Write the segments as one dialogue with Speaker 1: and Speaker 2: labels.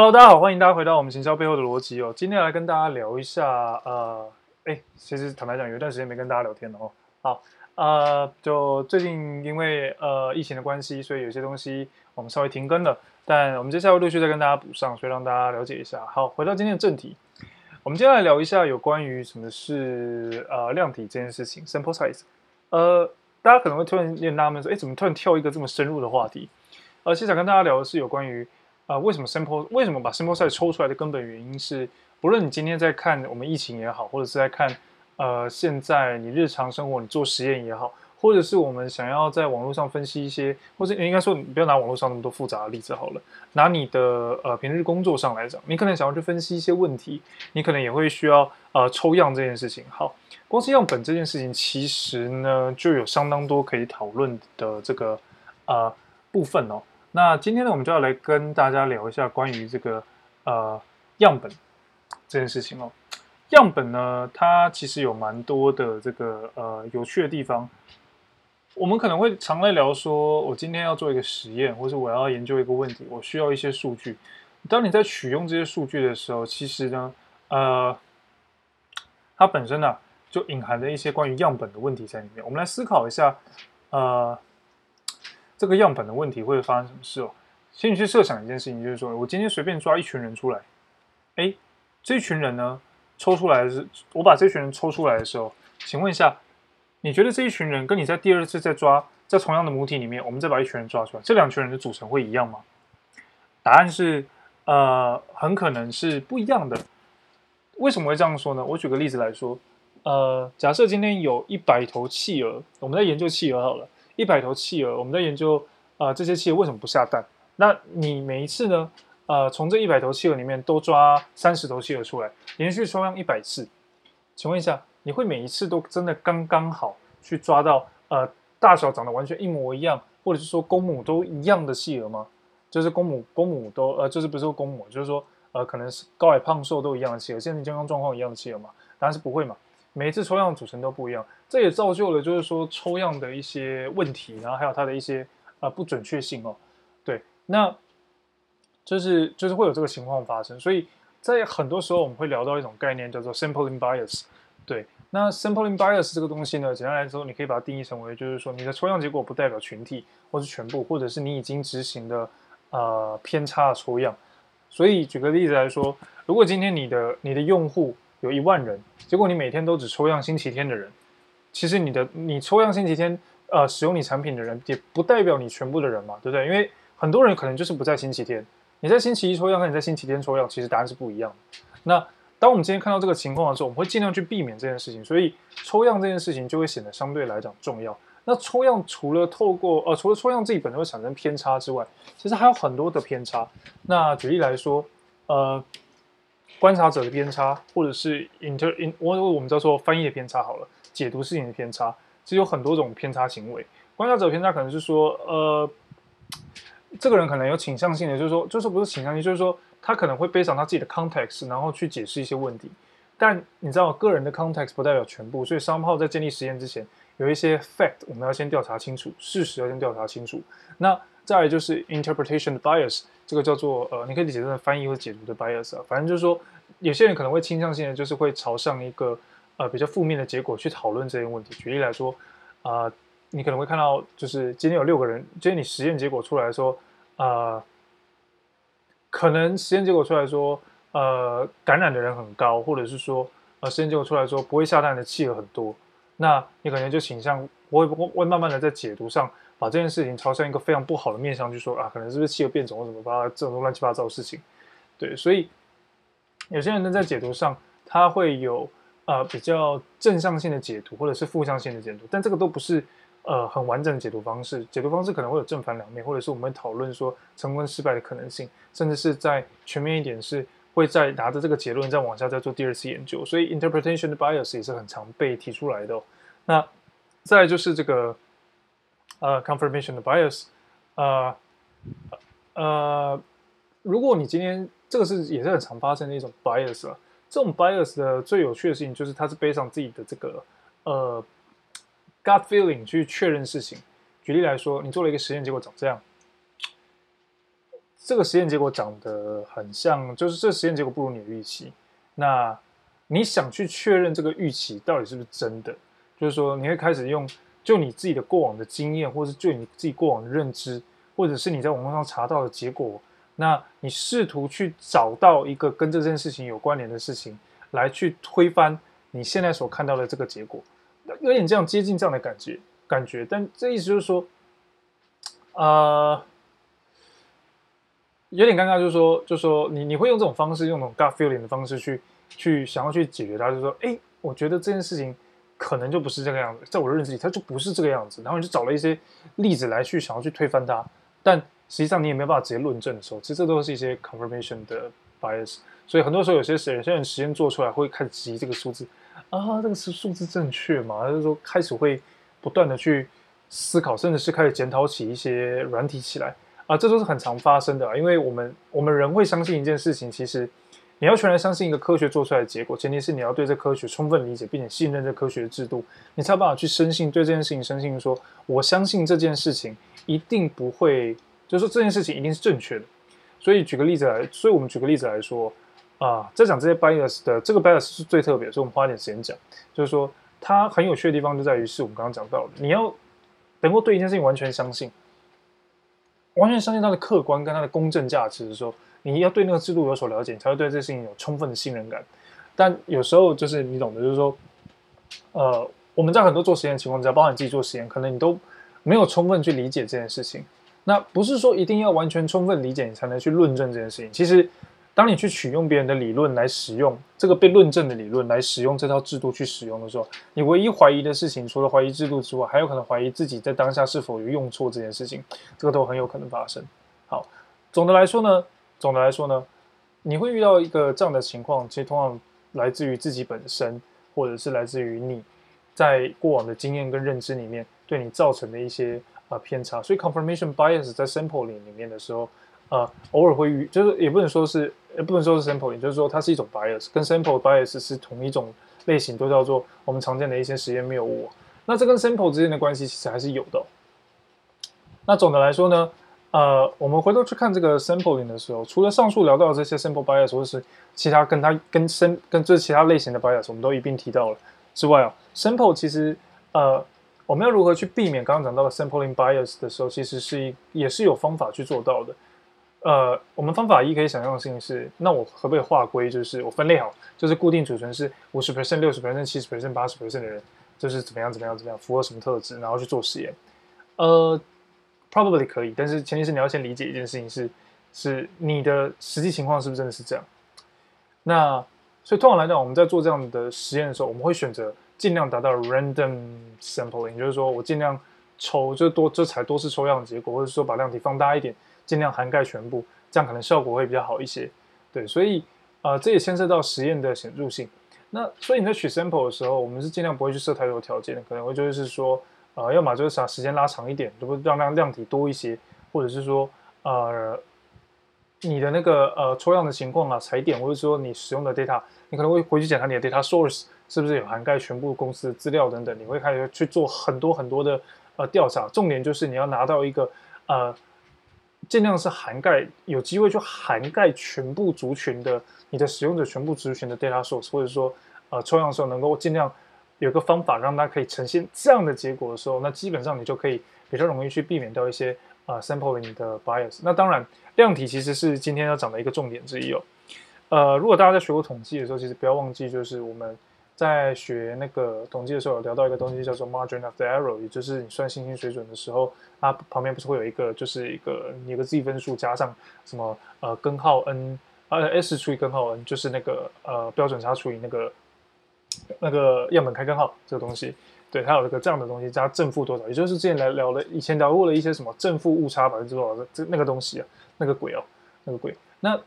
Speaker 1: Hello，大家好，歡迎大家回到我們行銷背後的邏輯哦。今天來，來跟大家聊一下，呃，哎，其實坦白講，有一段時間沒跟大家聊天了哦。好，呃，就最近因為呃疫情的關係，所以有些東西我們稍微停更了，但我們接下來陸續再跟大家補上，所以讓大家了解一下。好，回到今天的正題，我們接下來聊一下有關於什麼是呃量體這件事情，sample size。呃，大家可能會突然有點納悶說，哎，怎麼突然跳一個這麼深入的話題？呃，其實想跟大家聊的是有關於。啊、呃，為什麼 sample？為什麼把 sample size 抽出來的根本原因是，不論你今天在看我們疫情也好，或者是在看，呃，現在你日常生活你做實驗也好，或者是我們想要在網絡上分析一些，或者應該說你不要拿網絡上那麼多複雜的例子好了，拿你的呃平時工作上來講，你可能想要去分析一些問題，你可能也會需要呃抽樣這件事情。好，光是樣本這件事情，其實呢就有相當多可以討論的這個呃部分哦。那今天呢，我們就要來跟大家聊一下關於這個呃樣本這件事情哦。樣本呢，它其實有蠻多的這個呃有趣的地方。我們可能會常來聊說，我今天要做一個實驗，或是我要研究一個問題，我需要一些數據。當你在取用這些數據的時候，其實呢，呃，它本身呢，啊，就隱含着一些關於樣本的問題在裡面。我們來思考一下，呃。這個樣本的問題會發生什麼事哦？先去設想一件事情，就是說我今天隨便抓一群人出來，哎，這群人呢，抽出來是，我把這群人抽出來的時候，請問一下，你覺得這一群人跟你在第二次再抓在同樣的母體裡面，我們再把一群人抓出來，這兩群人的組成會一樣嗎？答案是，呃，很可能是不一樣的。為什麼會這樣說呢？我舉個例子來說，呃，假設今天有一百頭企鵝，我們在研究企鵝好了。一百頭企鵝，我們在研究，呃，這些企鵝為什麼不下蛋？那你每一次呢？呃，從這一百頭企鵝裡面都抓三十頭企鵝出來，連續抽樣一百次，請問一下，你會每一次都真的剛剛好去抓到，呃，大小長得完全一模一樣，或者是說公母都一樣的企鵝嗎？就是公母公母都，呃，就是不是說公母，就是說，呃，可能是高矮胖瘦都一樣的企鵝，身體健康狀況一樣的企鵝嗎？但是不會嘛。每一次抽樣組成都不一樣，這也造就了就是說抽樣的一些問題，然後還有它的一些啊、呃、不準確性哦。對，那就是就是會有這個情況發生，所以在很多時候我們會聊到一種概念叫做 sampling bias。對，那 sampling bias 這個東西呢，簡單來說，你可以把它定義成為就是說你的抽樣結果不代表群體或是全部，或者是你已經執行的啊、呃、偏差的抽樣。所以舉個例子來說，如果今天你的你的用戶 有一萬人，結果你每天都只抽樣星期天的人，其實你的你抽樣星期天，呃，使用你產品的人也不代表你全部的人嘛，對不對？因為很多人可能就是不在星期天，你在星期一抽樣，跟你在星期天抽樣，其實答案是不一樣的。那當我們今天看到這個情況的時候，我們會盡量去避免這件事情，所以抽樣這件事情就會顯得相對來講重要。那抽樣除了透過，呃，除了抽樣自己本身會產生偏差之外，其實還有很多的偏差。那舉例來說，呃。觀察者的偏差，或者是 inter in，我我們叫做翻譯的偏差好了，解讀事情的偏差，這有很多種偏差行為。觀察者偏差可能是說，呃，這個人可能有傾向性的，就是說，就是不是傾向性，就是說，他可能會背上他自己的 context，然後去解釋一些問題。但你知道，個人的 context 不代表全部，所以商 o 在建立實驗之前。有一些 fact，我們要先調查清楚，事實要先調查清楚。那再來就是 interpretation bias，這個叫做呃，你可以理解成翻譯或解讀的 bias 啊。反正就是說，有些人可能會傾向性的就是會朝向一個呃比較負面的結果去討論這些問題。舉例來說啊、呃，你可能會看到就是今天有六個人，今天你實驗結果出來說啊、呃，可能實驗結果出來說呃感染的人很高，或者是說呃實驗結果出來說不會下蛋的企鵝很多。那你可能就傾向會會慢慢的在解讀上，把這件事情朝向一個非常不好的面向去說啊，可能是不是氣候變種或怎麼吧，這種亂七八糟的事情。對，所以有些人呢在解讀上，他會有呃比較正向性的解讀，或者是負向性的解讀，但這個都不是呃很完整的解讀方式。解讀方式可能會有正反兩面，或者是我們會討論說成功失敗的可能性，甚至是在全面一點是。會再拿着這個結論再往下再做第二次研究，所以 interpretation 的 bias 也是很常被提出來的、哦。那再就是這個呃 confirmation bias，呃呃，如果你今天這個是也是很常發生的一種 bias 了、啊，這種 bias 的最有趣的事情就是它是 based on 自己的這個呃 gut feeling 去確認事情。舉例來說，你做了一個實驗，結果長這樣。這個實驗結果長得很像，就是這實驗結果不如你的預期。那你想去確認這個預期到底是不是真的？就是說，你會開始用就你自己的過往的經驗，或者是就你自己過往的認知，或者是你在網絡上查到的結果，那你試圖去找到一個跟這件事情有關聯的事情，來去推翻你現在所看到的這個結果。有點這樣接近這樣的感覺，感覺，但這意思就是說，啊、呃。有點尷尬，就是說，就是說你，你你會用這種方式，用這種 gut feeling 的方式去去想要去解決它，就是說，誒，我覺得這件事情可能就不是這個樣子，在我的認知裡，它就不是這個樣子。然後你就找了一些例子來去想要去推翻它，但實際上你也沒有辦法直接論證的時候，其實這都是一些 confirmation 的 bias。所以很多時候，有些實驗實驗做出來會開始質疑這個數字啊，這個是數字正確嘛？就是說開始會不斷的去思考，甚至是開始檢討起一些軟體起來。.啊，這都是很常發生的啊，因為我們我們人會相信一件事情。其實，你要全然相信一個科學做出來的結果，前提是你要對這科學充分理解，並且信任這科學的制度，你才有辦法去深信，對這件事情深信說，說我相信這件事情一定不會，就是說這件事情一定是正確的。所以舉個例子來，所以我們舉個例子來說啊，在講這些 bias 的這個 bias 是最特別的，所以我們花點時間講，就是說它很有趣的地方就在於，是我們剛剛講到的，你要能夠對一件事情完全相信。完全相信它的客觀跟它的公正價值的時候，你要對那個制度有所了解，你才會對這事情有充分的信任感。但有時候就是你懂的，就是說，呃，我們在很多做實驗的情況下，包含你自己做實驗，可能你都沒有充分去理解這件事情。那不是說一定要完全充分理解，你才能去論證這件事情。其實。當你去取用別人的理論來使用，這個被論證的理論來使用，這套制度去使用的時候，你唯一懷疑的事情，除了懷疑制度之外，還有可能懷疑自己在當下是否有用錯這件事情，這個都很有可能發生。好，總的來說呢，總的來說呢，你會遇到一個這樣的情況，其實通常來自於自己本身，或者是來自於你在過往的經驗跟認知裡面對你造成的一些啊、呃、偏差。所以 confirmation bias 在 sampling 裡裡面的時候，呃，偶爾會遇，就是也不能說是。也不能說是 sampling，也就是說它是一種 bias，跟 sample bias 是同一種類型，都叫做我們常見的一些實驗謬誤。那這跟 sample 之間的關係其實還是有的哦。那總的來說呢，呃，我們回頭去看這個 sampling 的時候，除了上述聊到的這些 sample bias 或是其他跟它跟深跟這其他類型的 bias，我們都一併提到了之外哦，sample 其實呃，我們要如何去避免剛剛講到的 sampling bias 的時候，其實是也是有方法去做到的。呃，我們方法一可以想象的事情是，那我可不可以劃歸，就是我分類好，就是固定儲存是五十 percent、六十 percent、七十 percent、八十 percent 的人，就是怎麼樣怎麼樣怎麼樣，符合什麼特質，然後去做實驗。呃，probably 可以，但是前提是你要先理解一件事情是，是你的實際情況是不是真的是這樣？那所以通常來講，我們在做這樣的實驗的時候，我們會選擇盡量達到 random sampling，也就是說我盡量。抽就多這才多次抽樣的結果，或者說把量體放大一點，盡量涵蓋全部，這樣可能效果會比較好一些。對，所以呃，這也牽涉到實驗的顯著性。那所以你在取 sample 的時候，我們是盡量不會去設太多條件的，可能會就是說，呃，要麼就是啥時間拉長一點，或會讓量量體多一些，或者是說，呃，你的那個呃抽樣的情況啊，踩點，或者說你使用的 data，你可能會回去檢查你的 data source 是不是有涵蓋全部公司的資料等等，你會開始去做很多很多的。呃，調查重點就是你要拿到一個，呃，盡量是涵蓋，有機會去涵蓋全部族群的你的使用者全部族群的 data source，或者說，呃，抽樣的時候能夠盡量有個方法讓它可以呈現這樣的結果的時候，那基本上你就可以比較容易去避免掉一些啊、呃、sample 的你的 bias。那當然，量體其實是今天要講的一個重點之一哦。呃，如果大家在學過統計的時候，其實不要忘記就是我們。在學那個統計的時候，我聊到一個東西叫做 margin of error，也就是你算信心水準的時候，它旁邊不是會有一個，就是一個你有個 z 分數加上什麼呃根號 n，呃、啊、s 除以根號 n，就是那個呃標準差除以那個那個樣本開根號這個東西，對，它有一個這樣的東西加正負多少，也就是之前來聊了，以前聊過了一些什麼正負誤差百分之多少的這那個東西啊，那個鬼哦、啊那個啊，那個鬼，那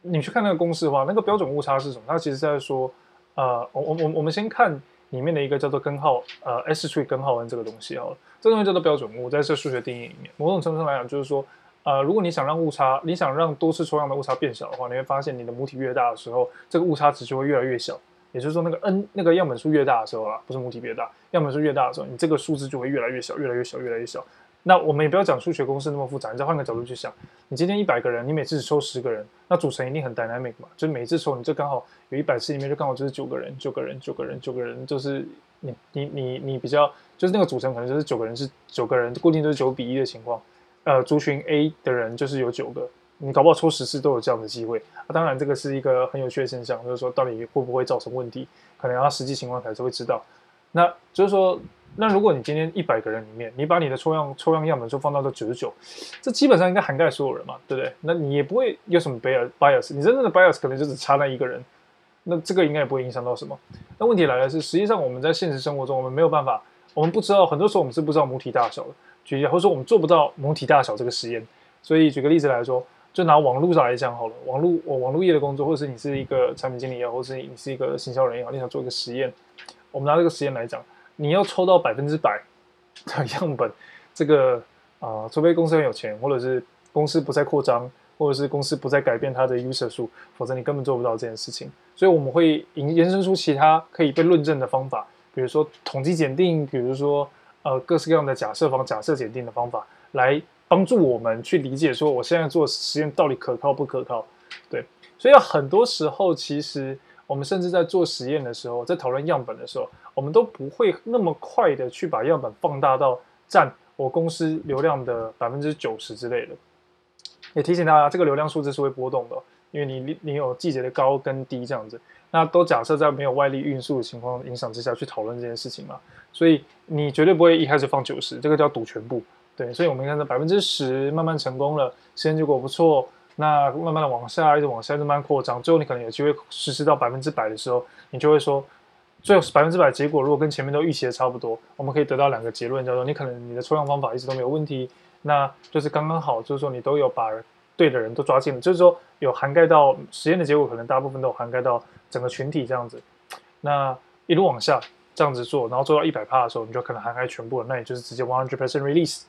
Speaker 1: 你去看那個公式的話，那個標準誤差是什麼？它其實在說。呃，我我我們先看裡面的一個叫做根號呃 s 除根號 n 這個東西哦，這個東西叫做標準誤，在這數學定義裡面，某種程度上來講就是說，呃，如果你想讓誤差，你想讓多次抽樣的誤差變小的話，你會發現你的母體越大的時候，這個誤差值就會越來越小，也就是說那個 n 那個樣本數越大的時候啊，不是母體越大，樣本數越大的時候，你這個數字就會越來越小，越來越小，越來越小。那我們也不要講數學公式那麼複雜，你再換個角度去想，你今天一百個人，你每次只抽十個人，那組成一定很 dynamic 嘛，就是每次抽你這剛好有一百次，裡面就剛好就是九個人，九個人，九個人，九個人，就是你你你你比較就是那個組成可能就是九個人是九個人固定就是九比一的情況，呃，族群 A 的人就是有九個，你搞不好抽十次都有這樣的機會啊。當然這個是一個很有趣的現象，就是說到底會不會造成問題，可能要、啊、實際情況才是會知道。那就是說，那如果你今天一百個人裡面，你把你的抽樣抽樣樣本就放到了九十九，這基本上應該涵蓋所有人嘛，對不對？那你也不會有什麼 bias bias，你真正的 bias 可能就只差那一個人，那這個應該也不會影響到什麼。那問題來了是，實際上我們在現實生活中，我們沒有辦法，我們不知道，很多時候我們是不知道母體大小的。舉例，或者說我們做不到母體大小這個實驗。所以舉個例子來說，就拿網絡上來講好了，網絡我、哦、網絡業的工作，或是你是一個產品經理也好，或是你是一個行銷人也好，你想做一個實驗。我們拿這個實驗來講，你要抽到百分之百的樣本，這個啊、呃，除非公司很有錢，或者是公司不再擴張，或者是公司不再改變它的 user 數，否則你根本做不到這件事情。所以我們會延伸出其他可以被論證的方法，比如說統計檢定，比如說呃各式各樣的假設方假設檢定的方法，來幫助我們去理解說我現在做實驗到底可靠不可靠。對，所以有很多時候其實。我們甚至在做實驗的時候，在討論樣本的時候，我們都不會那麼快的去把樣本放大到佔我公司流量的百分之九十之類的。也提醒大家，這個流量數字是會波動的，因為你你有季節的高跟低這樣子，那都假設在沒有外力運輸的情況影響之下去討論這件事情嘛。所以你絕對不會一開始放九十，這個叫賭全部。對，所以我們看到百分之十慢慢成功了，實驗結果不錯。那慢慢的往下，一直往下，慢慢擴張，最後你可能有機會實施到百分之百的時候，你就會說，最後百分之百結果如果跟前面都預期的差不多，我們可以得到兩個結論，叫做你可能你的抽樣方法一直都沒有問題，那就是剛剛好，就是說你都有把對的人都抓進了，就是說有涵蓋到實驗的結果，可能大部分都涵蓋到整個群體這樣子。那一路往下這樣子做，然後做到一百趴的時候，你就可能涵蓋全部了，那也就是直接 one hundred percent release，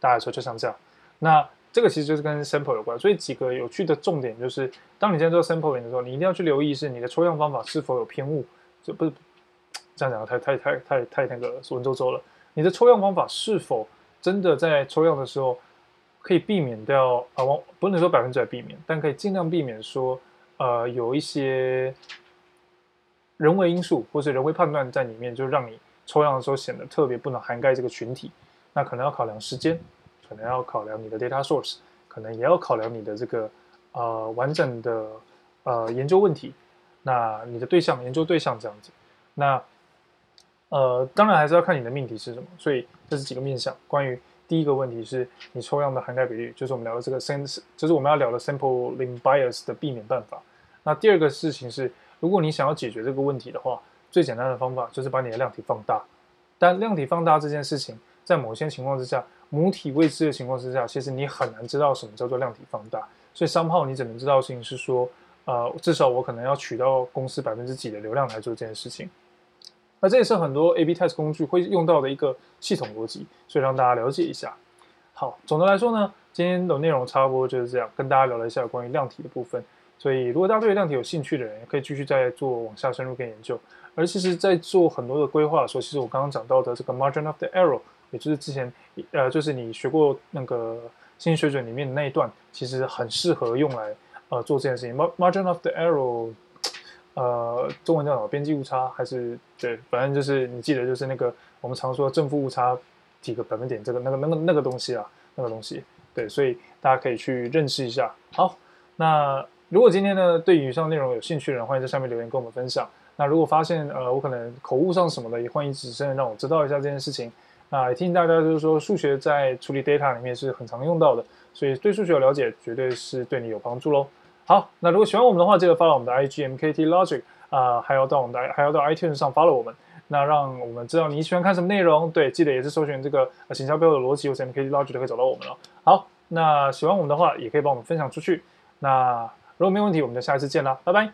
Speaker 1: 大家說就像這樣。那。這個其實就是跟 sample 有關，所以幾個有趣的重點就是，當你現在做 sampling 的時候，你一定要去留意是你的抽樣方法是否有偏誤。就不是這樣講的，太太太太太那個文縐縐了。你的抽樣方法是否真的在抽樣的時候可以避免掉啊？我不能說百分之百避免，但可以儘量避免說呃有一些人為因素或是人為判斷在裡面，就讓你抽樣的時候顯得特別不能涵蓋這個群體。那可能要考量時間。可能要考量你的 data source，可能也要考量你的這個呃完整的呃研究問題，那你的對象研究對象這樣子，那呃當然還是要看你的命題是什麼？所以這是幾個面向。關於第一個問題是你抽樣的涵蓋比率，就是我們聊的這個 sense，就是我們要聊的 sampling bias 的避免辦法。那第二個事情是，如果你想要解決這個問題的話，最簡單的方法就是把你的量體放大。但量體放大這件事情，在某些情況之下，母體未知的情況之下，其實你很難知道什麼叫做量體放大。所以商炮 somehow，你只能知道的事情是說，呃，至少我可能要取到公司百分之幾的流量來做這件事情。那這也是很多 A/B test 工具會用到的一個系統邏輯，所以讓大家了解一下。好，總的來說呢，今天的內容差不多就是這樣，跟大家聊了一下關於量體的部分。所以如果大家對於量體有興趣的人，可以繼續再做往下深入跟研究。而其實，在做很多的規劃的時候，所以其實我剛剛講到的這個 margin of the error。也就是之前，呃，就是你學過那個信心水準裡面的那一段，其實很適合用來呃做這件事情。margin of the error，呃，中文叫什麼？邊際誤差還是對？反正就是你記得，就是那個我們常說正負誤差幾個百分點，這個那個那個那個東西啊，那個東西。對，所以大家可以去認識一下。好，那如果今天呢對以上內容有興趣的人，歡迎在下面留言跟我們分享。那如果發現呃我可能口誤上什麼的，也歡迎指正，讓我知道一下這件事情。啊，也提醒大家就是說，數學在處理 data 裡面是很常用到的，所以對數學的了解，絕對是對你有幫助嘍。好，那如果喜歡我們的話，記得發到我們的 IG MKT Logic 啊、呃，還要到我們的還要到 iTunes 上 follow 我們，那讓我們知道你喜歡看什麼內容。對，記得也是搜尋這個“呃、行銷背後的邏輯”或者 MKT Logic 都可以找到我們了。好，那喜歡我們的話，也可以幫我們分享出去。那如果沒有問題，我們就下一次見啦，拜拜。